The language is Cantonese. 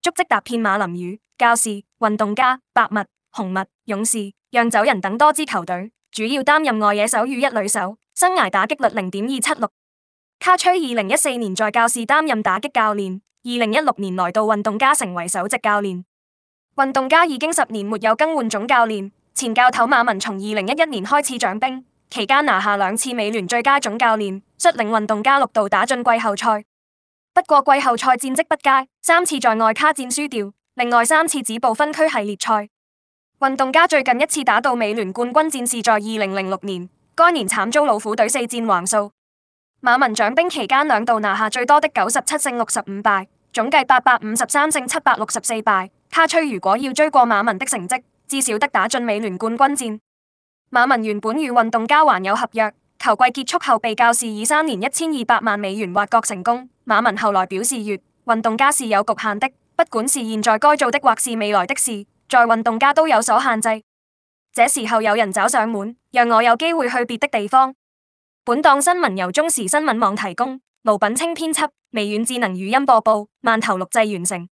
足跡踏遍馬林魚、教士、運動家、白襪、紅襪、勇士、釀酒人等多支球隊，主要擔任外野手與一壘手，生涯打擊率零點二七六。卡崔二零一四年在教士擔任打擊教練，二零一六年來到運動家成為首席教練。運動家已經十年沒有更換總教練，前教頭馬文從二零一一年開始掌兵，期間拿下兩次美聯最佳總教練，率領運動家六度打進季後賽。不過季後賽戰績不佳，三次在外卡戰輸掉，另外三次止步分區系列賽。運動家最近一次打到美聯冠軍戰是在二零零六年，該年慘遭老虎隊四戰橫掃。馬文掌兵期間兩度拿下最多的九十七勝六十五敗，總計八百五十三勝七百六十四敗。卡崔如果要追過馬文的成績，至少得打進美聯冠軍戰。馬文原本與運動家還有合約。球季結束後，被教士以三年一千二百萬美元挖角成功。馬文後來表示越運動家是有局限的，不管是現在該做的，或是未來的事，在運動家都有所限制。這時候有人找上門，讓我有機會去別的地方。本檔新聞由中時新聞網提供，盧品清編輯，微軟智能語音播報，饅頭錄製完成。